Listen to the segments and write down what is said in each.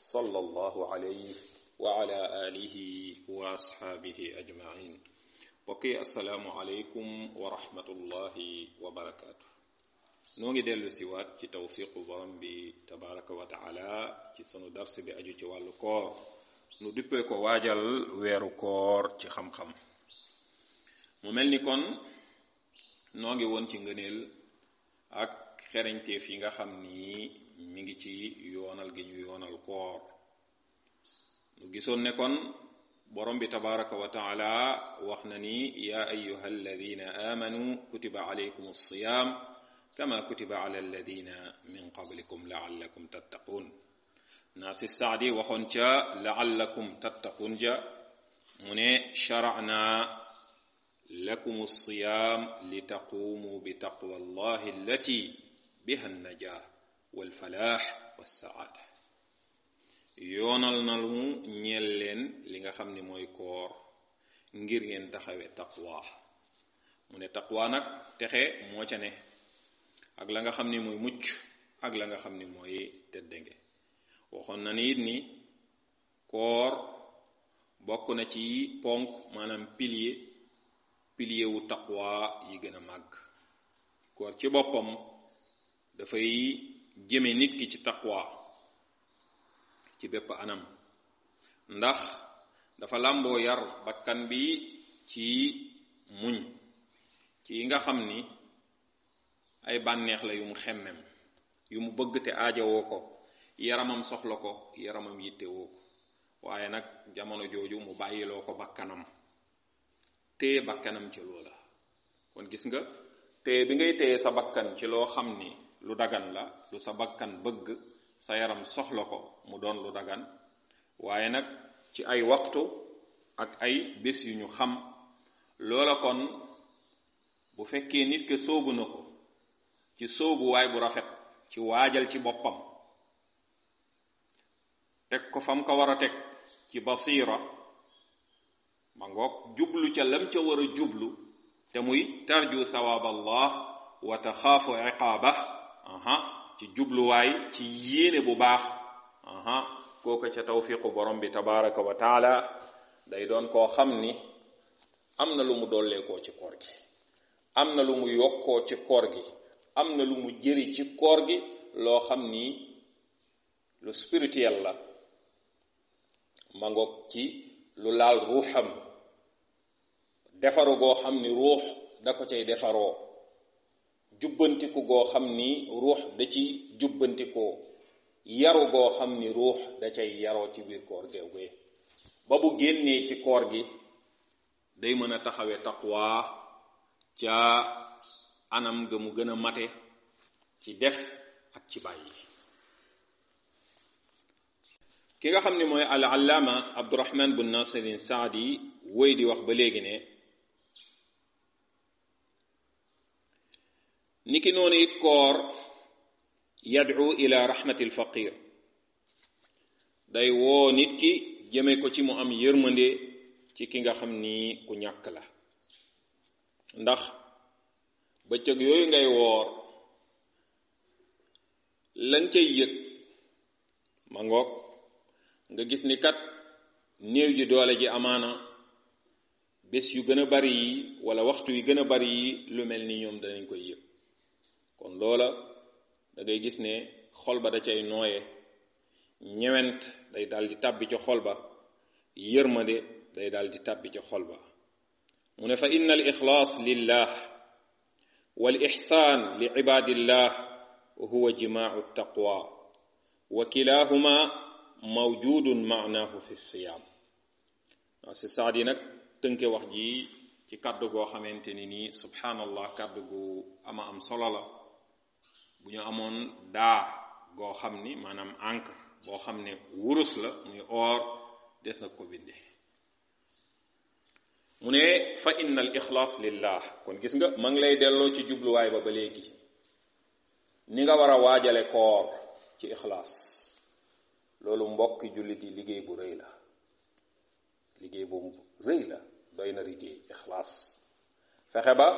صلى الله عليه وعلى آله وأصحابه أجمعين وكي السلام عليكم ورحمة الله وبركاته نوغي دلو سيوات في توفيق برم تبارك وتعالى في سنو درس بأجو جوال كور نو ديبو كو واجال ويرو كور في خم خم مملني كون نوغي وون تي ngeneel ak xereñte fi nga xam ni mi ngi ci yoonal gi ñu yoonal koor ñu gisoon ne kon borom bi tabaraka wa taala wax na ni ya ayuha alladina amanu kutiba alaykum alsiyam kama kutiba ala alladina min qablikum laallakum tattaqun naasi saadi waxoon ca laallakum tattaqun ja mu ne sharana lakum alsiyam litaqumu bitaqwa allahi allati biha najaa wal falaax was saada yoonal na lu ñeel leen li nga xam ni mooy koor ngir ngeen taxawe taqwa mu ne taqwa nag texe moo ca ne ak la nga xam ni mooy mucc ak la nga xam ni mooy teddange waxoon na ni nii ni bokk na ci ponk maanaam piliye pilier wu taqwa yi gën a màgg koor ci boppam dafay jëme nit ki ci taqwa ci bépp anam ndax dafa làmboo yar bakkan bi ci muñ ci yi nga xam ni ay bànneex la yu mu xemmem yu mu bëgg te aajowoo ko yaramam soxla ko yaramam yittewoo ko waaye nag jamono jooju mu bàyyiloo ko bakkanam te bakkanam ci loola kon gis nga téye bi ngay téye sa bakkan ci loo xam ni lu dagan la lu sa bakkan bëgg sa yaram soxla ko mu doon lu dagan waaye nag ci ay waxtu ak ay bés yu ñu xam loola kon bu fekkee nit ke sóobu na ko ci sóobuwaay bu rafet ci waajal ci boppam teg ko fam ko war a teg ci basiira ma ngoog jublu ca lam ca war jublu te muy tarju thawaab allah wa taxaafu iqaaba ci jubluwaay ci yéene bu baax kooku ca tawfiqu borom bi tabaraka wa taala day doon koo xam ni am na lu mu dolleekoo ci koor gi am na lu mu yokkoo ci koor gi na lu mu jëri ci koor gi loo xam ni lu spirituel la mangoog ci lu laal ruuxam defaru goo xam ni ruux da ko cay defaroo jubbantiku goo xam ni ruux da ci jubbantikoo yaru goo xam ni ruux da cay yaroo ci biir koor geewgee ba bu génnee ci koor gi day mën a taxawe taqwaa ca anam ga mu gën a mate ci def ak ci bàyyi ki nga xam ne mooy al allaama abdurahman bun nasirin saadi woy di wax ba léegi ne niki noonu it koor yad'u ila rahmatil faqir day woo nit ki jëme ko ci mu am yërmande ci ki nga xam nii ku ñàkk la ndax bëccëg yooyu ngay woor lañ cay yëg ma ngoog nga gis ni kat néew ji doole ji amaana bés yu gën a bari yi wala waxtu yi gën a bari yi lu mel ni ñoom danañ koy yëg loola da ngay gis ne xol ba da cay nooye ñewent day dal di tàbbi ci xol ba yërmande day dal di tàbbi ci xol ba mu ne fa inna al lillah wal ixsaan li ibadillah huwa jimaacu taqwa wa kilahuma mawjudun maanaahu fi siyaam waaw si saad yi nag tënke wax ji ci kàddu goo xamante ni nii kàddu gu ama am solo la bu ñu amoon daa goo xam ni maanaam encre boo xam ne wurus la muy or des na ko binde mu ne fa inna al ixlaas lillah kon gis nga ma ngi lay delloo ci jubluwaay ba ba léegi ni nga war a waajale koor ci ixlaas loolu mbokki jullit yi liggéey bu rëy la liggéey bu rëy la doy na liggéey ixlaas fexe ba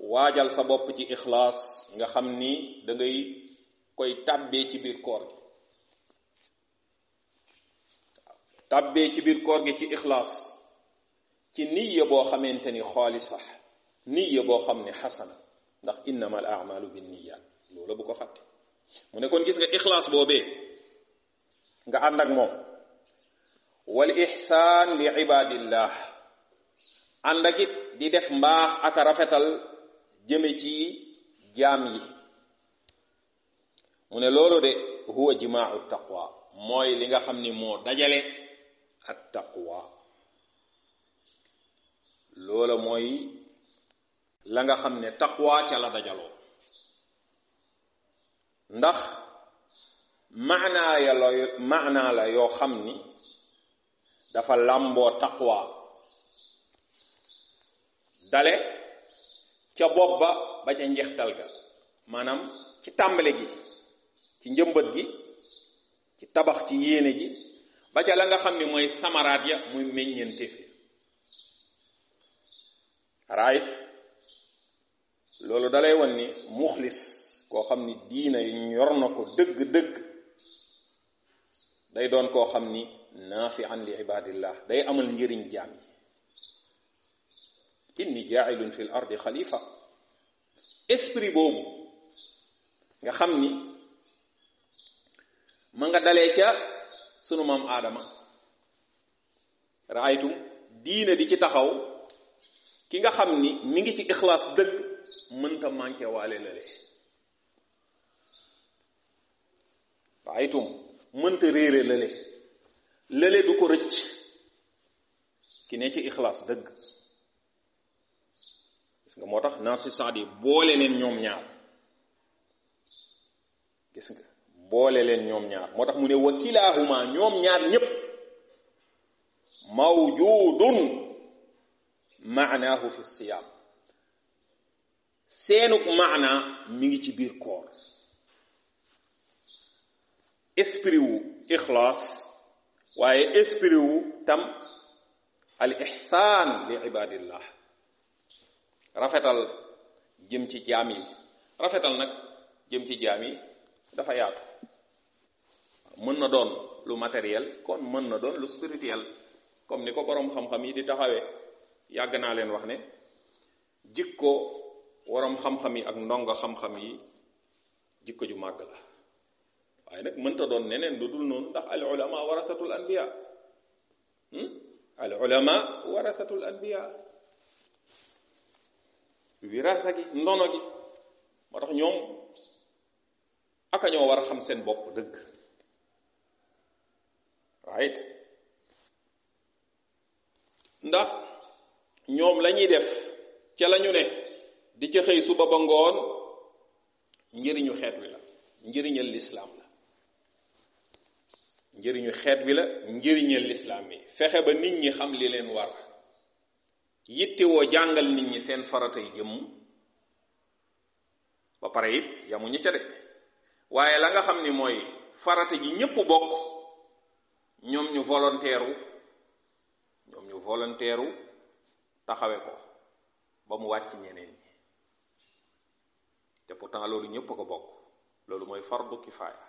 waajal sa bopp ci ikhlas nga xam ni da ngay koy tàbbee ci biir koor gi tàbbee ci biir koor gi ci ikhlas ci niyya boo xamante ni xooli sax niya boo xam ne xasana ndax innama al amalu bin niyyat loola bu ko xatte mu ne kon gis nga ikhlas boobee nga ànd ak moom wal ihsan li ibadillah ànd ak it di def mbaax ak rafetal jëme ci jaam yi mu ne loolu de huwa jimaau taqwa mooy li nga xam ni moo dajale ak taqwa loola mooy la nga xam ne taqwa ca la dajaloo ndax maanaa ya la maanaa la yoo xam ni dafa làmboo taqwa dale ca bopp ba ba ca njeextal ga maanaam ci tàmbale gi ci njëmbat gi ci tabax ci yéene ji ba ca la nga xam ne mooy samaraat ya muy meññeenteef ya right loolu dalay wan ni muxlis koo xam ni diina ñor na ko dëgg-dëgg day doon koo xam ni naafi an li ibadillah day amal njëriñ jaam inni jaailun fil ardi xalifa esprit boobu nga xam ni ma nga dalee ca sunu maam aadama raaytum diine di ci taxaw ki nga xam ni mi ngi ci ixlaas dëgg mënta manqué waale lale raaytum mënta réere lale lale du ko rëcc ki ne ci ixlaas dëgg nga motax nasi sadi saadi boole leen ñoom ñaar gis nga boole len ñom ñaar motax mu ne wakilahuma ñom ñaar ñep mawjudun ma'nahu fi siyam seenuk ma'na mi ngi ci bir koor esprit wu ikhlas waye esprit wu tam al ihsan li ibadillah rafetal jëm ci jaam yi rafetal nag jëm ci jaam yi dafa yaatu mën na doon lu matériel kon mën na doon lu spirituel comme ni ko boroom xam-xam yi di taxawee yàgg naa leen wax ne jikko waroom xam-xam yi ak ndongo xam-xam yi jikko ju màgg la waaye nag mënta doon neneen lu dul noonu ndax al ulama warasatul anbiya hmm? al ulama warasatul anbiya wirasa gi ndono gi moo tax ñoom aka ñoo war a xam seen bopp dëgg right ndax ñoom lañuy def ca lañu ne di ca xëy suba ba ngoon njëriñu xeet wi la njëriñal lislaam la njëriñu xeet wi la njëriñal lislaam yi fexe ba nit ñi xam li leen war yittewoo jàngal nit ñi seen faratay jëmm ba pare it yamuñu ca de waaye la nga xam ni mooy farata ji ñépp bokk ñoom ñu volontaire ñoom ñu volontaire taxawe ko ba mu wàcc ñeneen ñi te pourtant loolu ñépp a ko bokk loolu mooy fardu kifaaya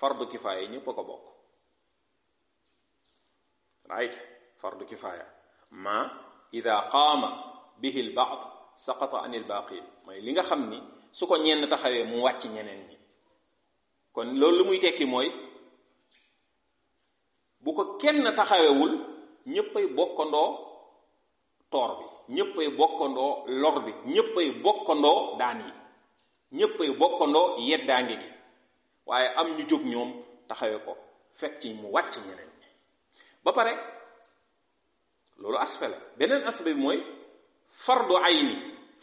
fardu kifaaya ñépp a ko bokk right fardu kifaaya ma ida qaama bihi al baad saqata an il baaqin mooy li nga xam ni su ko ñenn taxawee mu wàcc ñeneen ñi kon loolu lu muy tekki mooy bu ko kenn taxawewul ñéppay bokkandoo toor bi ñéppay bokkandoo lor bi ñéppay bokkandoo daan yi ñéppay bokkandoo yeddaange gi waaye am ñu jóg ñoom taxawe ko fekk ci mu wàcc ñeneen ba pare loolu aspect la beneen aspect bi mooy far ay ayni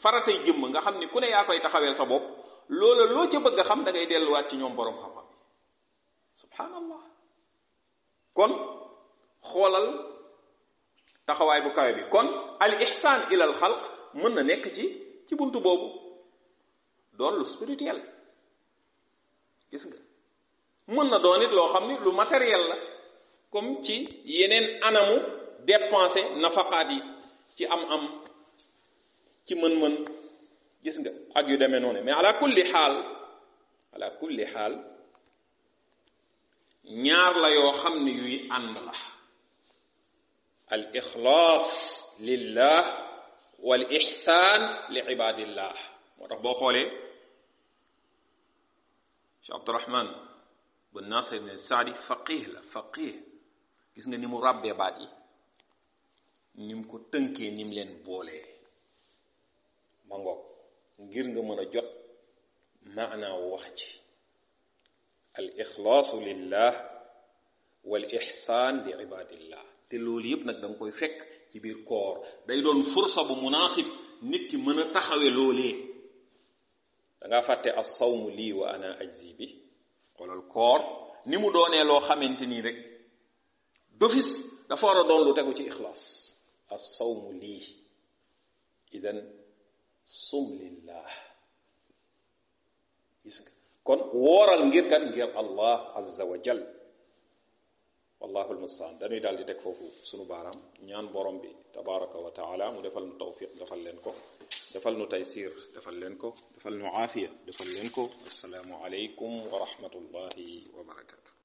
faratay jëmm nga xam ni ku ne yaa koy taxaweel sa bopp loola loo ca bëgg a xam da delluwaat ci ñoom boroom xam-xam subhanallah kon xoolal taxawaay bu kawe bi kon al ihsaan ila xalq mën na nekk ci ci bunt boobu doon lu spirituel gis nga mën na doon it loo xam ni lu matériel la comme ci yeneen anamu dépenser nafaqaat yi ci am-am ci mën-mën gis nga ak yu demee noonu mais ala kulli xaal ala kulli xaal ñaar la yoo xam ne yuy ànd la al ikhlas lillah wal ihsan li ibadillah moo tax boo xoolee cheikh abdurahman bu nasir ne saadi faqih la faqih gis nga ni mu ràbbee baat yi nim ko tënkee nim mu leen boolee ma ngoog ngir nga mën a jot maanaa wax ci al ixlaasu lillah wal ixsaan li ibadillah te loolu yëpp nag da nga koy fekk ci biir koor day doon fursa bu munaasib nit ki mën a taxawe loolee da nga fàtte as sawmu lii wa ana ajzi bi xoolal koor ni mu doonee loo xamante nii rek dofis dafa war a doon lu tegu ci ixlaas الصوم لي اذا صم لله كن ورا المغير كان غير الله عز وجل والله المستعان داني دال دي تك فوفو سونو بارام نيان بوروم بي تبارك وتعالى مو ديفال نو توفيق ديفال لينكو ديفال نو تيسير ديفال لينكو ديفال نو عافيه ديفال لينكو السلام عليكم ورحمه الله وبركاته